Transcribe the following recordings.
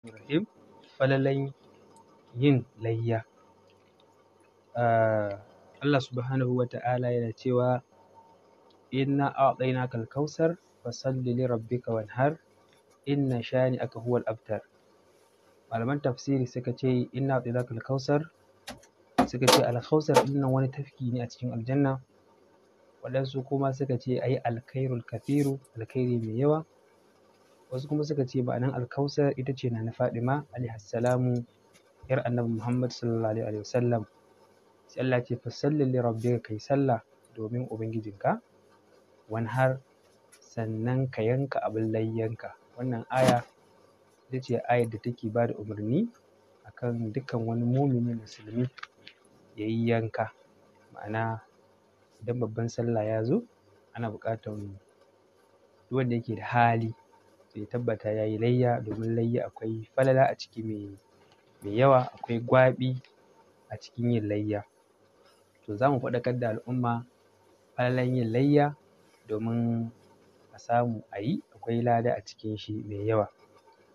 Bismillahirrahmanirrahim. Falalan yin layya. Ah, Allah subhanahu wa ta'ala yana cewa inna a'tayna kal kausar fasalli li rabbika wanhar inna shani aka huwal abtar. Malaman tafsiri suka ce inna a'tayna kal suka ce alkausar kausar wani tafki ne a cikin aljanna. Waɗansu kuma suka ce ai alkhairul kafiru, alkhairi mai yawa. wasu kuma suka ce ma'anar alkausa ita ce na Fadima salamu yar annabi Muhammad sallallahu alaihi wasallam sai Allah ce fasalli li rabbika kai sallah domin ubangijinka wan har sannan ka yanka abin layyanka wannan aya ita ce ayar da take ba da umarni akan dukkan wani mumini musulmi ya yi yanka ma'ana idan babban sallah ya zo ana buƙatar duk wanda yake da hali to ya tabbata ya yi layya domin layya akwai falala a ciki mai, mai yawa, akwai gwaɓi a cikin yin layya. To za mu faɗakar da al'umma falalan yin layya domin a samu a yi akwai lada a cikin shi mai yawa.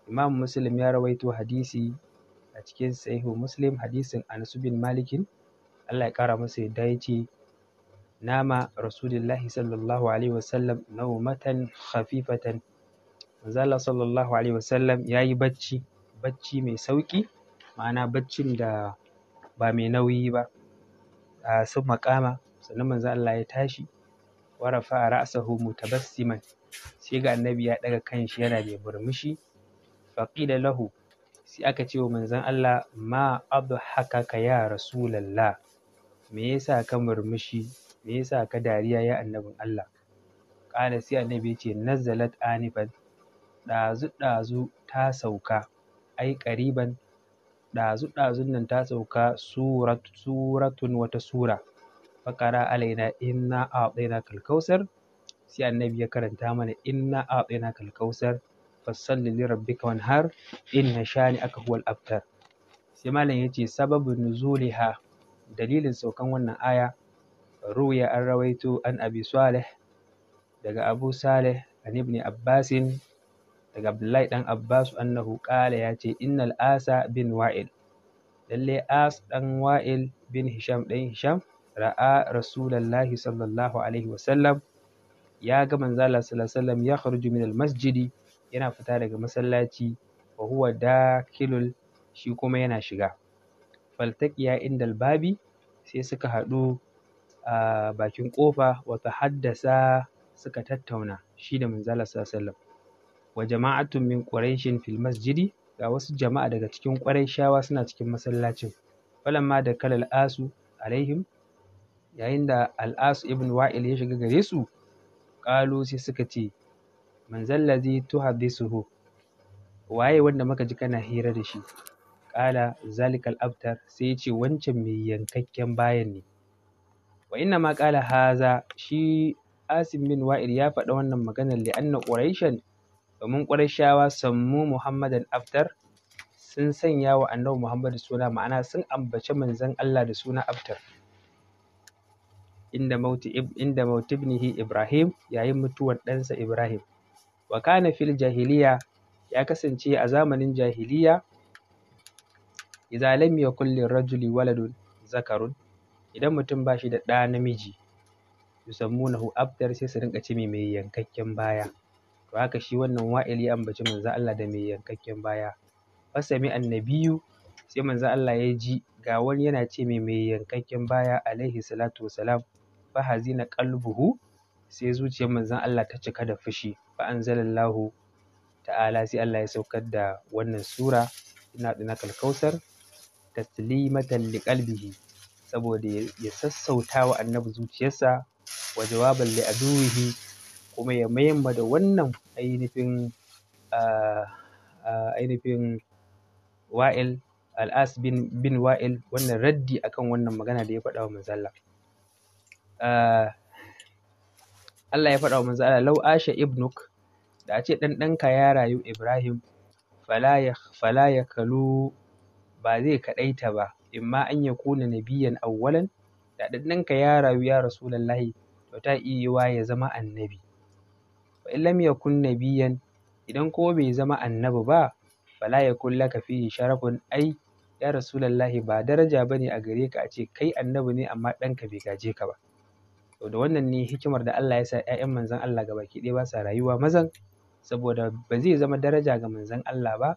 Imam Muslim ya rawaito hadisi a cikin Sahihu Muslim hadisin Anas bin Malikin Allah ya ƙara masa yarda ya ce nama Rasulillahi sallallahu alaihi wasallam naumatan khafifatan manzo Allah sallallahu alaihi wasallam yayi bacci bacci mai sauƙi ma'ana baccin da ba mai nauyi ba a sun maƙama sannan manzo Allah ya tashi wa rafa'a ra'sahu mutabassiman sai ga annabi ya ɗaga shi yana mai murmushi faƙila lahu sai aka ce wa manzon Allah ma adhakaka ya rasulullah me yasa ka murmushi me yasa ka dariya ya annabin Allah ƙala sai annabi ya ce nazalat anifan ɗazu-ɗazu ta sauka ai ƙariban ɗazu-ɗazun nan ta sauka suratun wata sura faƙara alaina inna a ɗaina kalkausar sai annabi ya karanta mana inna a ɗaina kalkausar fassalli li rabbika wanhar inna shani aka huwal abtar sai malam ce sababin nuzuliha dalilin saukan wannan aya ruya an rawaito an abi salih daga abu salih an ibn abbasin daga Abdullahi ɗan Abbas annahu ƙala ya ce innal asa bin wa'il lalle as ɗan wa'il bin hisham ɗan hisham ra'a rasulullahi sallallahu alaihi wasallam ya ga manzo Allah sallallahu alaihi wasallam ya kharuju min masjidi yana fita daga masallaci wa huwa dakilul shi kuma yana shiga faltaqiya indal babi sai suka haɗu a bakin ƙofa wata haddasa suka tattauna shi da manzala sallallahu wa jama'atun min quraishin fil masjidi ga wasu jama'a daga cikin quraishawa suna cikin masallacin falamma da kalal asu alaihim yayin da al'asu ibn wa'il ya shiga gare su ƙalu sai suka ce man zallazi tuhaddisuhu waye wanda muka ji kana hira da shi ƙala zalikal abtar sai ya ce wancan mai yankakken bayan ne wa inna ma ƙala haza shi asim bin wa'il ya faɗa wannan maganar li anna quraishan domin ƙwarishawa sammu muhammadan aftar sun sanya wa annabi muhammadu suna ma'ana sun ambaci manzon allah da suna aftar inda mauti inda mautibnihi ibrahim yayin mutuwar ɗansa ibrahim wa kana fil jahiliya ya kasance a zamanin jahiliya idan lam yakul rajuli waladun zakarun idan mutum ba shi da ɗa namiji yusammunahu aftar sai su rinka ce mai yankakken baya to haka shi wannan wa'il ya ambaci manzon Allah da mai yankakken baya fasami annabiyu sai manzon Allah ya ji ga wani yana ce mai mai yankakken baya alaihi salatu wasalam fa hazina qalbuhu sai zuciyar manzon Allah ta cika da fushi fa anzalallahu ta'ala sai Allah ya saukar da wannan sura ina da kalkausar taslimatan liqalbihi saboda ya sassauta wa annabi zuciyarsa wa jawaban li aduwihi kuma ya mayamma da wannan ainihin ah, ah, ainihin wa'il al'as bin, bin wa'il wannan raddi akan wannan magana da ya faɗa wa manzalla ah, Allah ya faɗa wa manzalla lau asha ibnuk da a ce ɗanɗanka ya rayu ibrahim fala ya kalu ba zai kaɗaita ba imma an ya kuna nabiyan awwalan da ɗanɗanka ya rayu ya rasulallahi to ta iya ya zama annabi in lam yakun nabiyan idan kuma bai zama annabi ba fala yakun laka fi sharafun ai ya rasulullahi ba daraja bane a gare ka a ce kai annabi ne amma ɗanka bai gaje ka ba to da wannan ne hikimar da Allah ya sa ƴaƴan manzon Allah gabaki ɗaya ba sa rayuwa mazan saboda ba zai zama daraja ga manzon Allah ba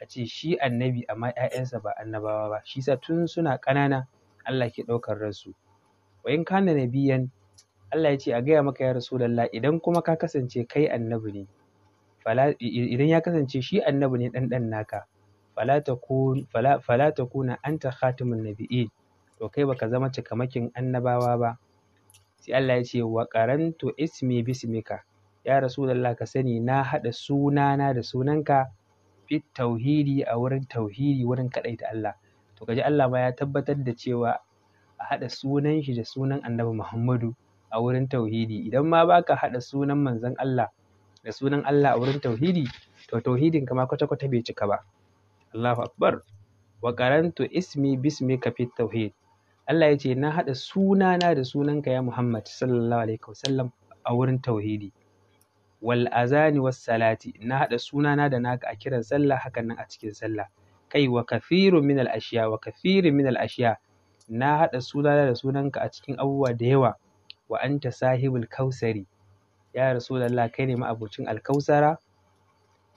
a ce shi annabi amma ƴaƴansa ba annabawa ba shi sa tun suna ƙanana Allah ke ɗaukar ransu wa in kana nabiyan Allah ya ce a gaya maka ya Rasulallah idan kuma ka kasance kai annabi ne idan ya kasance shi annabi ne ɗanɗan naka fala ta kuna na khatimun to kai baka zama cikamakin annabawa ba sai Allah ya ce wa qarantu ismi bismika ya rasulullah ka sani na haɗa sunana da sunanka fit tauhidi a wurin tauhidi wurin kaɗaita Allah to kaji Allah ma ya tabbatar da cewa a haɗa sunan shi da sunan annabi Muhammadu a wurin tauhidi idan ma baka haɗa sunan manzon Allah da sunan Allah a wurin tauhidi to tauhidin kama ma kwata kwata bai cika ba Allahu akbar wa qarantu ismi bismika fi tauhid Allah ya ce na haɗa sunana da sunanka ya Muhammad sallallahu alaihi wasallam a wurin tauhidi wal azani was salati na haɗa sunana da naka a kiran sallah hakan nan a cikin sallah kai wa kathirun min al ashiya wa kathirun min al ashiya na haɗa sunana da sunanka a cikin abubuwa da yawa wa anta sahibul kausari ya rasulullah kai ne ma'abocin alkausara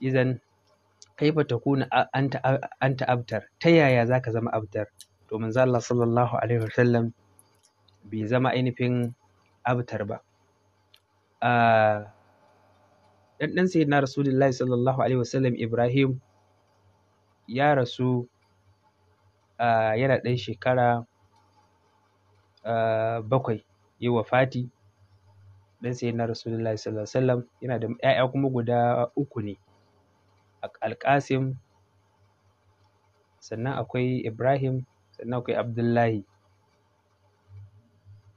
idan kaifa takuna anta anta abtar ta yaya zaka zama abtar to manzo Allah sallallahu alaihi wasallam bai zama ainihin abtar ba dan dan sayyidina rasulullah sallallahu alaihi wasallam Ibrahim ya rasu yana ɗan shekara bakwai yi wafati dan sai na rasulullahi sallallahu alaihi wasallam yana da ƴaƴa kuma guda uku ne alƙasim sannan akwai ibrahim sannan akwai abdullahi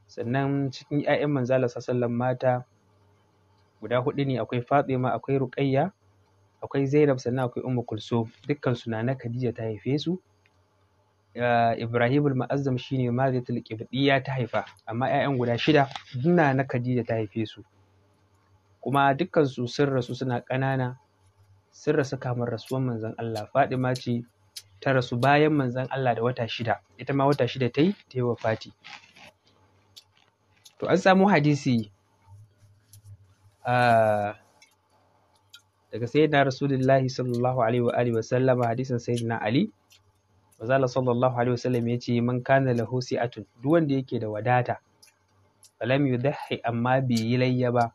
sannan cikin ƴaƴan Allah sallallahu mata guda huɗu ne akwai fatima akwai ruqayya akwai zainab sannan akwai ummu kulsum dukkan su nana khadija ta haife su Eh, Ibrahim al-Mu'azzam shine Maritul Qibtiyya ta haifa amma 'ya'yan guda shida duna na Khadija ta haife su kuma dukkan sun rasu suna ƙanana sun rasu kamar rasuwan manzon Allah ma ce ta rasu bayan manzon Allah da wata shida ita ma wata shida ta yi ta yi wa Fati. to an samu hadisi eh, daga sayyidina rasulullahi sallallahu alaihi wa alihi wa sallama hadisin sayyidina ali Mazala sallallahu alaihi wasallam ya ce man kana lahu si'atun duk wanda yake da wadata falam yudahi amma bai yi layya ba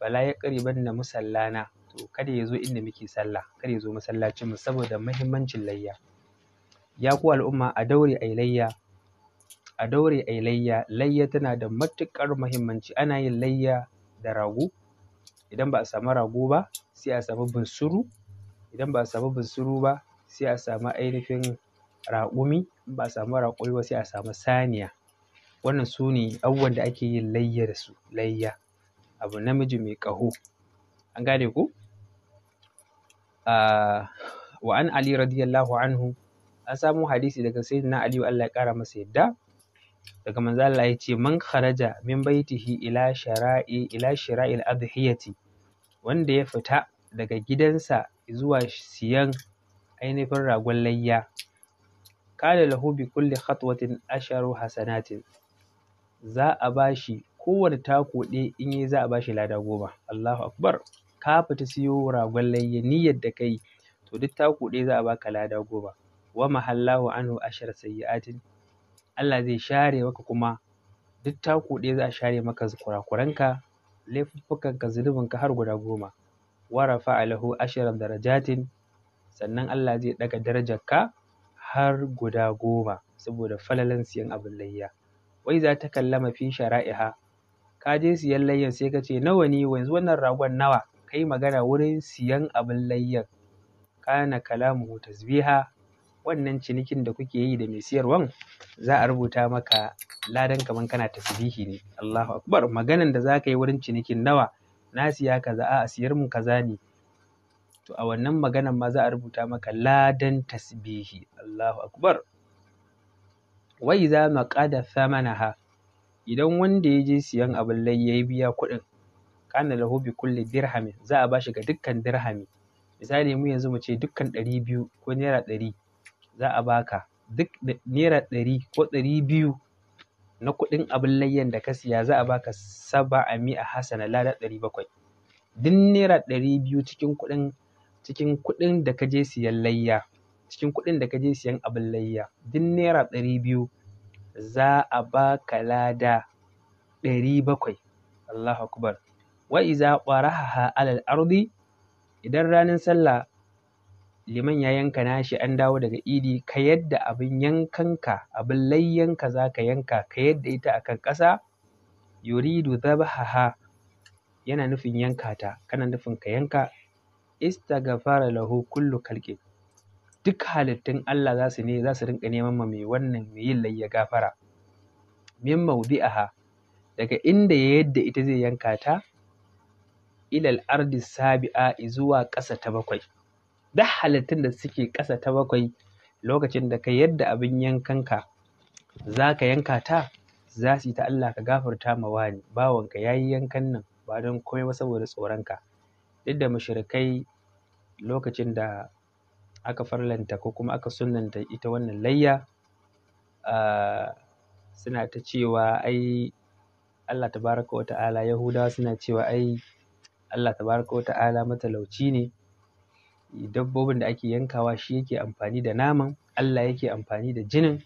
Bala ya qariban na musallana to kada ya zo inda muke sallah kada ya zo masallacin mu saboda muhimmancin layya ya ku al'umma a daure layya a daure ai layya layya tana da matukar muhimmanci ana yin layya da rago idan ba a samu rago ba sai a samu bunsuru idan ba a samu bunsuru ba sai a samu ainihin raƙumi ba a samu raƙumi ba sai a samu saniya wannan su ne abubuwan da ake yin layya da su layya abu namiji mai ƙaho an gane ku ah, wa an ali radiyallahu anhu an samu hadisi daga sayyidina ali Allah ya ƙara masa yadda daga manzo Allah ya ce man kharaja min baitihi ila shara'i ila shira'il adhiyati wanda ya fita daga gidansa zuwa siyan ainihin ragon layya kana lahu bi kulli khatwatin asharu za a bashi kowane tako ɗaya in yi za a bashi lada goma Allahu akbar ka fita siyo ragon layya niyyar da kai to duk tako ɗaya za a baka lada goma wa mahallahu anhu ashar sayyi'atin Allah zai share maka kuma duk tako ɗaya za a share maka kurakuranka laifuffukanka ka har guda goma wa a lahu ashara darajatin sannan Allah zai ɗaga ka. har guda goma saboda falalan siyan abin layya. Wai za ta kallama fi shara'iha, ka je siyan layyan sai ka ce nawa ne yanzu wannan ragon nawa, Kai magana wurin siyan abin layyan. Kana mu tasbiha wannan cinikin da kuke yi da mai siyarwan za a rubuta maka ladan kaman kana tasbihi ne. Allahu akbar maganan da za ka yi wurin cinikin nawa na siya kaza a siyar mu kaza ne to a wannan maganan ma za a rubuta maka ladan tasbihi Allahu akbar wa idza mana thamanaha idan wanda ya je siyan abin lai ya biya kuɗin kana lahu bi kulli Dirhami za a bashi ga dukkan dirhami misali mu yanzu mu ce dukkan ɗari biyu ko naira ɗari za a baka duk naira ɗari ko ɗari biyu na kuɗin abin layyan da ka siya za a baka saba a mi'a hasana lada ɗari bakwai duk naira ɗari biyu cikin kuɗin cikin kuɗin da ka je siyan layya cikin kuɗin da ka je siyan abin layya duk naira ɗari biyu za a ba ka lada ɗari bakwai Allahu akbar wa iza qaraha alal ardi idan ranar sallah liman ya yanka nashi an dawo daga idi ka yadda abin yankanka abin layyanka za ka yanka ka yadda ita akan ƙasa yuridu dhabaha yana nufin yanka ta kana nufin ka yanka istaghfara lahu kullu khalqi duk halittun Allah za su ne za su rinka neman ma mai wannan mai yin layya gafara min mawdi'aha daga inda ya yadda ita zai yanka ta ilal ardi sabi'a zuwa ƙasa ta bakwai duk halittun da suke ƙasa ta bakwai lokacin da ka yadda abin yankanka za ka yanka ta za su yi ta Allah ka gafarta ma wani bawanka ya yi yankan nan ba don komai ba saboda tsoronka duk da mushrikai lokacin da aka farlanta ko kuma aka sunanta ita wannan layya ah, suna ta cewa ai Allah tabaraka ta'ala Yahudawa suna cewa ai Allah tabaraka ta'ala matalauci ne dabbobin da ake yankawa shi yake amfani da naman Allah yake amfani da jinin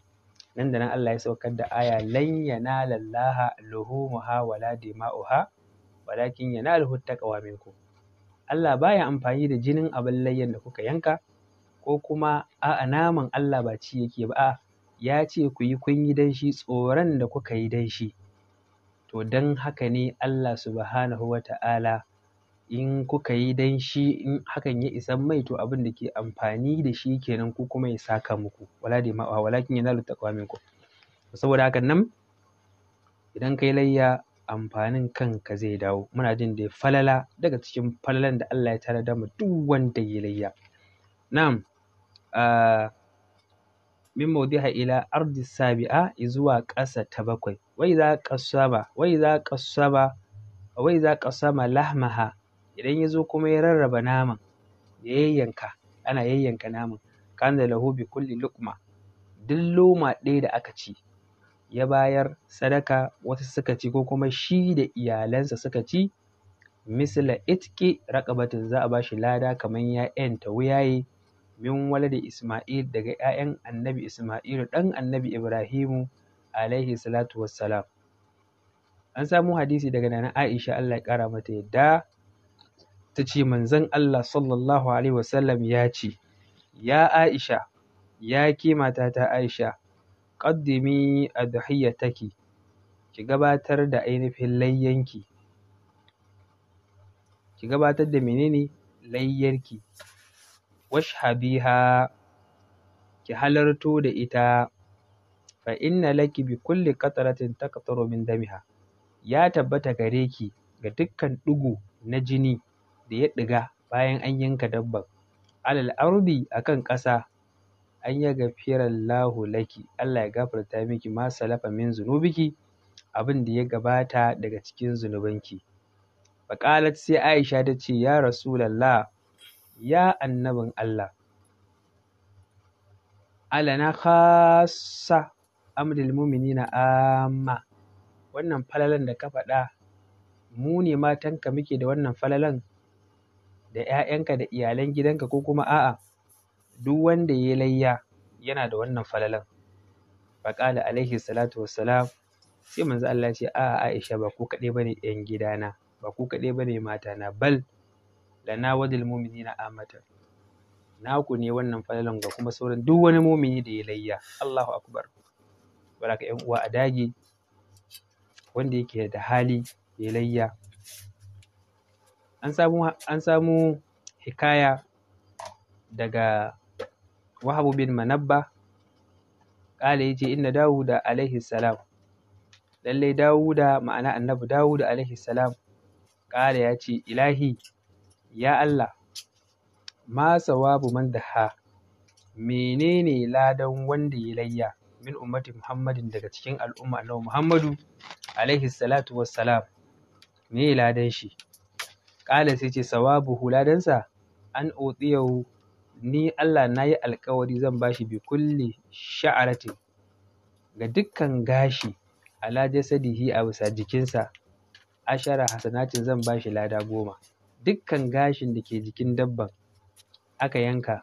nan da nan Allah ya saukar da aya lan yanala Allaha luhumuha wala dima'uha walakin yanaluhu taqwa minkum Allah baya amfani da jinin abin layyan da kuka yanka ko kuma a'a naman Allah ba ci yake ba a'a ya ce ku yi kun yi dan shi tsoron da kuka yi dan shi to dan haka ne Allah subhanahu wa ta'ala in kuka yi dan shi in hakan ya isa mai to abin da ke amfani da shi kenan ku kuma ya saka muku wala da ma'a walakin yanalu taqwa minkum saboda hakan nan idan kai layya amfanin kanka zai dawo muna jin dai falala daga cikin falalan da Allah ya tanadar ma duk wanda ya layya na'am ah, min mawdiha ila ardi sabi'a zuwa ƙasa ta bakwai wai za qasama wai za qasama wai za qasama lahmaha idan ya zo kuma ya rarraba naman ya yayyanka ana yayyanka naman kana lahu bi kulli luqma duk luma ɗaya da aka ci ya bayar sadaka wasu suka ci ko kuma shi da iyalansa suka ci misla itki raqabatin za a ba shi lada kamar ya yanta wuyaye min walada Isma'il daga ‘ya'yan annabi Isma'il ɗan annabi Ibrahimu alaihi salatu wassalam. An samo hadisi daga nana Aisha Allah ya ƙara mata yadda ta ce manzon Allah sallallahu alaihi wasallam ya ce, Ya Aisha, ya ke matata Aisha, Qaddimi adhiyataki, ki gabatar da ainihin layyanki. Ki gabatar da mene ne? Layyarki. Washhabiha, ki halarto da ita. Fa inna laki bi kulli qatratin taqtaru min damiha. Ya tabbata gare ki ga dukkan ɗigo na jini da ya ɗiga bayan an yanka dabban. Alal ardi akan ƙasa an yaghfirallahu laki Allah ya gafarta miki ma salafa min zunubiki abin da ya gabata daga cikin zunubanki faqalat sai Aisha ta ce ya rasulullah ya annabin Allah alana khassa amril mu'minina amma wannan falalan da ka faɗa mu ne matanka muke da wannan falalan da 'ya'yanka da iyalan gidanka ko kuma a'a duk wanda ya layya yana da wannan falalan faƙala alaihi salatu wassalam sai manzo Allah ce a Aisha ba ku kaɗai bane ƴan gidana ba ku kaɗai bane na bal lana wadil mu'minina amatan naku ne wannan falalan ga kuma sauran duk wani mumini da ya layya Allahu akbar baraka ƴan uwa a dage wanda yake da hali ya layya an samu an samu hikaya daga wahabu bin manabba ƙala ya in na dawuda alaihi salam lallai dawuda ma'ana annabi dawuda alaihi salam ƙala ya ce ilahi ya allah ma sawabu man daha menene ladan wanda ya layya min ummati muhammadin daga cikin al'umma annabi muhammadu alaihi salatu wassalam me ladan shi ƙala sai ce sawabu ladansa an yau. ni Allah na yi alkawari zan bashi bi kulli sha'aratin ga dukkan gashi ala jasadihi a bisa jikinsa ashara hasanatin zan bashi lada goma dukkan gashin da ke jikin dabban aka yanka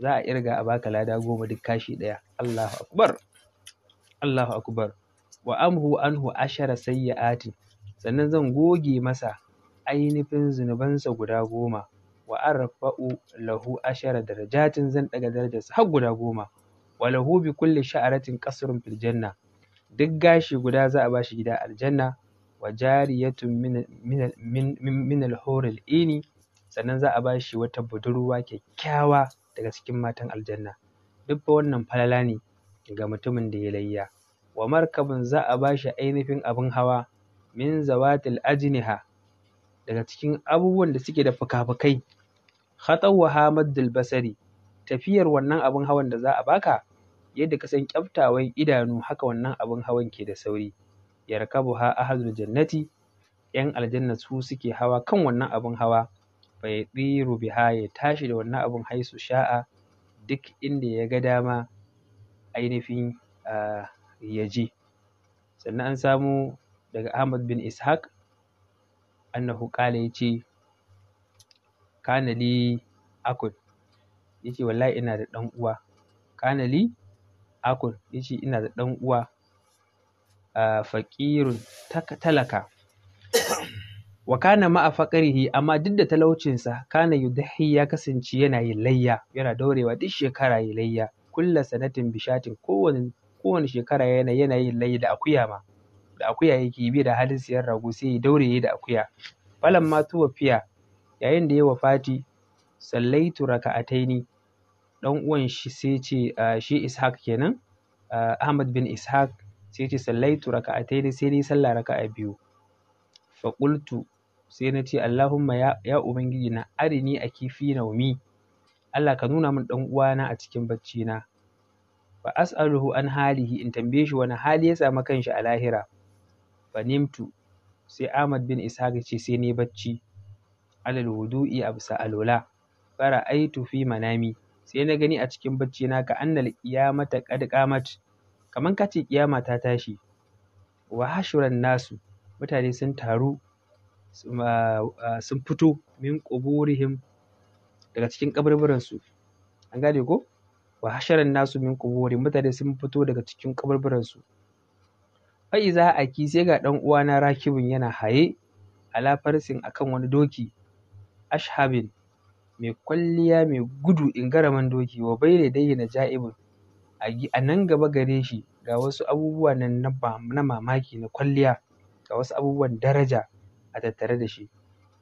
za a irga a baka lada goma duk kashi ɗaya Allahu akbar Allahu akbar wa amhu anhu ashara ati, sannan zan goge masa ainihin zunubansa guda goma wa arrafa'u lahu ashara darajatin zan daga darajarsa har guda goma wa lahu bi kulli sha'aratin qasrun duk gashi guda za a bashi gida aljanna wa jariyatun min al ini sannan za a bashi wata budurwa kyakkyawa daga cikin matan aljanna duk wannan falala ne ga mutumin da ya layya wa markabin za a shi ainihin abin hawa min zawatil ajniha daga cikin abubuwan da suke da fuka-fukai khatawwa hamaddul basari tafiyar wannan abin hawan da za a baka yadda ka san kyaftawan idanu haka wannan abin hawan ke da sauri yarkabuha ahadul jannati yan aljanna su suke hawa kan wannan abin hawa bai tsiru biha ya tashi da wannan abin haisu sha'a duk inda ya ga dama ainihin ya je sannan an samu daga ahmad bin ishaq annahu qala yace kanali akun yace wallahi ina da ɗan uwa kanali akun yace ina da ɗan uwa a faƙirun talaka wa kana ma'a faƙarihi amma duk da talaucinsa kana yudahi ya kasance yana yin layya yana daurewa duk shekara yi layya kulla sanatin bishatin kowane kowane shekara yana yana yin layya da akuya ma da akuya yake bi da halin siyan rago sai ya daure da akuya falan ma tuwa fiya yayin da ya Fati sallaitu raka'ataini dan uwan shi sai ce ah, shi Ishaq kenan ah, Ahmad bin Ishaq sai ce sallaitu raka'ataini sai dai sallah raka'a biyu fa qultu sai na ce Allahumma ya, ya ubangiji na arini a kifi naumi Allah ka nuna min dan uwana a cikin bacci na fa as'aluhu an halihi in tambaye shi wani hali ya samu kanshi a lahira fa nimtu sai Ahmad bin Ishaq ce sai ne bacci alal wudu'i a bisa alola fara aitu fi manami sai na gani a cikin bacci na ka annal qiyamata qad qamat kaman ka ce kiyama ta tashi wa hashuran nasu mutane sun taru sun fito min quburihim daga cikin kaburburan su an gane ko wa hashuran nasu min quburihim mutane sun fito daga cikin kaburburan su iza aki sai ga dan uwana rakibin yana haye ala farsin akan wani doki ashhabin mai kwalliya mai gudu in garaman doki wa bai dayyana ja'ibin a nan gaba gare shi ga wasu abubuwa nan na mamaki na kwalliya ga wasu abubuwan daraja a tattare da shi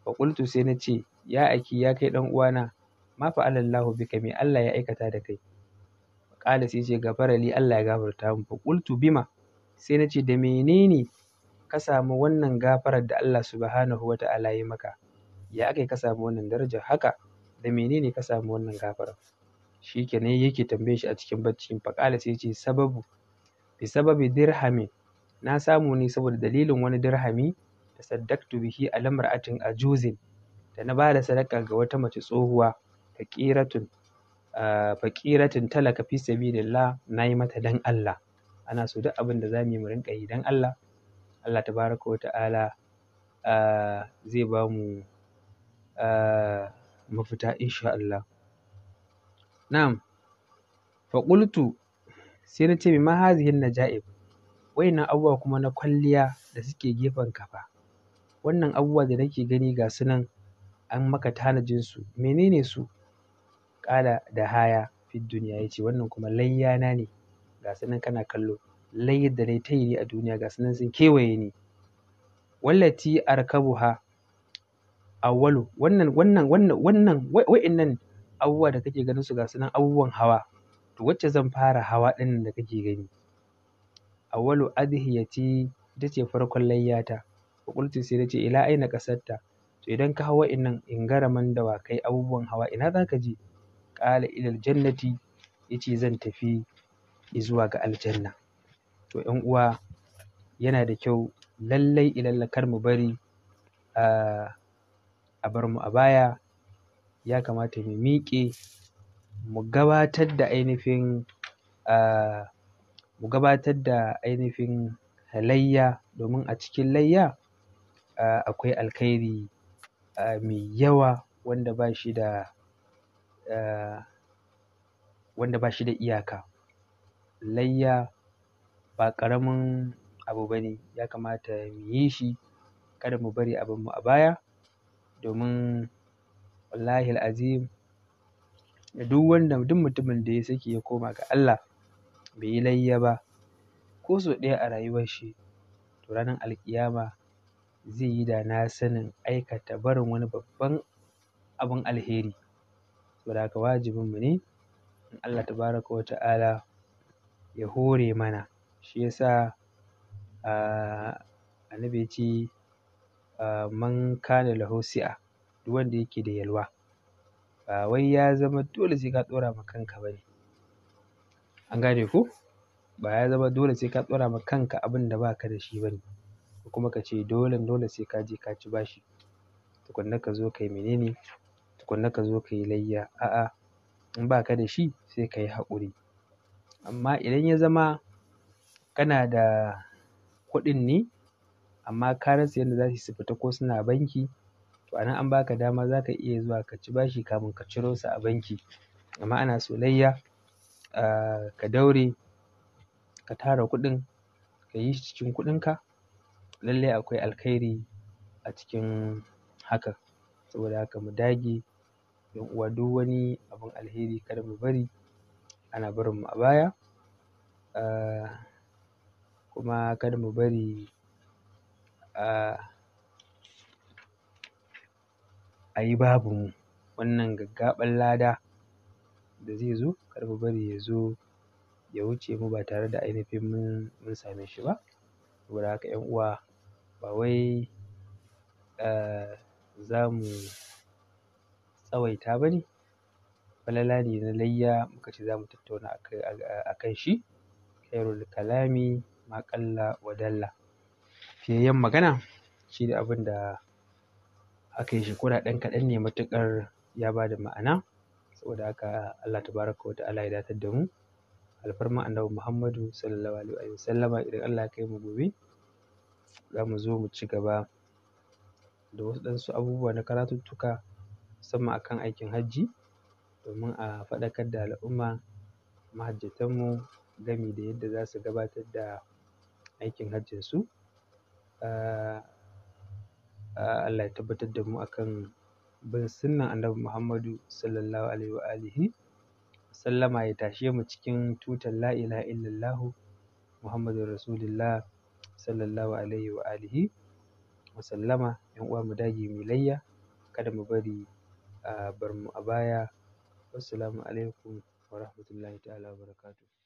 fa qultu sai na ce ya aiki ya kai dan uwana ma fa'alallahu bika me Allah ya aikata da kai qala sai ce gafara li Allah ya gafarta mu fa bima sai na ce da menene ka samu wannan gafarar da Allah subhanahu wata ya maka ya aka yi ka samu wannan darajar haka da menene ka samu wannan gafara? shi kenan yake tambaye shi a cikin bacci faƙala sai ce sababu bi sababi dirhami. na samu ne saboda dalilin wani dirhami da saddaktu bihi a lamar'atin a juzin da na ba da sadaka ga wata mace tsohuwa faqiratun faƙiratin talaka fi sabilillah na yi mata dan Allah ana so duk abin da za mu yi mu rinƙa yi dan Allah Allah tabaraka wa ta'ala zai ba mu Eh, mafita insha Allah. Na'am, faƙultu sai na ce ma hazihin naja'ib wayannan abubuwa kuma na kwalliya da suke gefen kafa wannan abubuwa da nake gani ga sunan an maka tanajin su menene su ƙala da haya fi duniya ya ce wannan kuma layyana ne ga su kana kallo layyar da yi ta yi a duniya ga su sun kewaye ni wallati arkabuha Awwalu wannan wannan wannan wannan wa'innan abubuwa da kake ganin su ga su abubuwan hawa to wacce zan fara hawa ɗin nan da kake gani awwalu adhiyati ita ce farkon layyata wa qultu sai nace ila aina ƙasarta. to idan ka hau wa'innan ingaraman dawakai abubuwan hawa ina zaka je qala ila aljannati yace zan tafi zuwa ga aljanna to 'yan uwa yana da kyau lallai ilalla kar mu bari a. Ah, a bar mu a baya ya kamata mu miƙe mu gabatar da ainihin mu gabatar da ainihin layya domin a cikin layya akwai alkhairi mai yawa wanda ba shi da wanda ba shi da iyaka layya ba ƙaramin abu ba ne ya kamata mu yi shi kada mu bari abinmu mu a baya domin wallahi al'azim duk wanda duk mutumin da ya saki ya koma ga Allah bai yi layya ba ko sau ɗaya a rayuwar shi to ranar alkiyama zai yi da na sanin aikata barin wani babban abin alheri saboda haka mu ne in Allah tabaraka wa ta'ala ya hore mana shi yasa ah, annabi ya ce man kane lahu si'a duk wanda yake da yalwa. Ba wai ya zama dole sai ka ɗora ma kanka ba ne. An gane ku? Ba ya zama dole sai ka ɗora ma kanka abin da ba ka da shi ba ne. Kuma ka ce dole dole sai ka je ka ci bashi. Tukunna ka zo ka yi mene ne? Tukunna ka zo ka yi layya. A'a, in ba ka da shi sai ka yi haƙuri. Amma idan ya zama kana da kuɗin ne amma ka rasa yadda za su su fita ko suna banki to a an baka dama za ka iya zuwa ka ci bashi kamin ka ciro su a banki amma ana solayya ka daure ka tara kuɗin ka yi shi cikin kuɗinka lallai akwai alkhairi a cikin hakan saboda haka mu dage yan uwa duk wani abin alheri kada mu bari ana barin mu a baya kuma kada mu bari Ayi babu mu wannan gaggaɓan lada da zai zo kar mu bari ya zo ya wuce mu ba tare da ainihin mun, mun same shi ba. Saboda haka ƴan uwa ba wai za mu tsawaita ba ne. Falala ne na layya muka ce za mu tattauna a kan shi. Khairul kalami maƙalla wa dalla. fiyayyen magana shi ne abin da aka yi shi ko da ɗan kaɗan ne matuƙar ya ba da ma'ana saboda haka Allah tabaraka wa ta'ala ya datar da mu alfarma annabi Muhammadu sallallahu alaihi wa sallama idan Allah ya kai mu gobe za mu zo mu ci gaba da wasu ɗansu abubuwa na karatuttuka musamman akan aikin hajji domin a faɗakar da al'umma mahajjatanmu gami da yadda za su gabatar da aikin hajjinsu Allah ya tabbatar da mu akan bin sunnan Annabi Muhammadu Sallallahu Alaihi wa alihi sallama ya tashe mu cikin tutar la ilaha illallahu Muhammadu Rasulullah Sallallahu Alaihi wa alihi wa sallama ƴan uwa mu dage mu layya kada mu bari bar mu a baya wassalamu alaikum wa rahmatullahi ta'ala wa barakatuh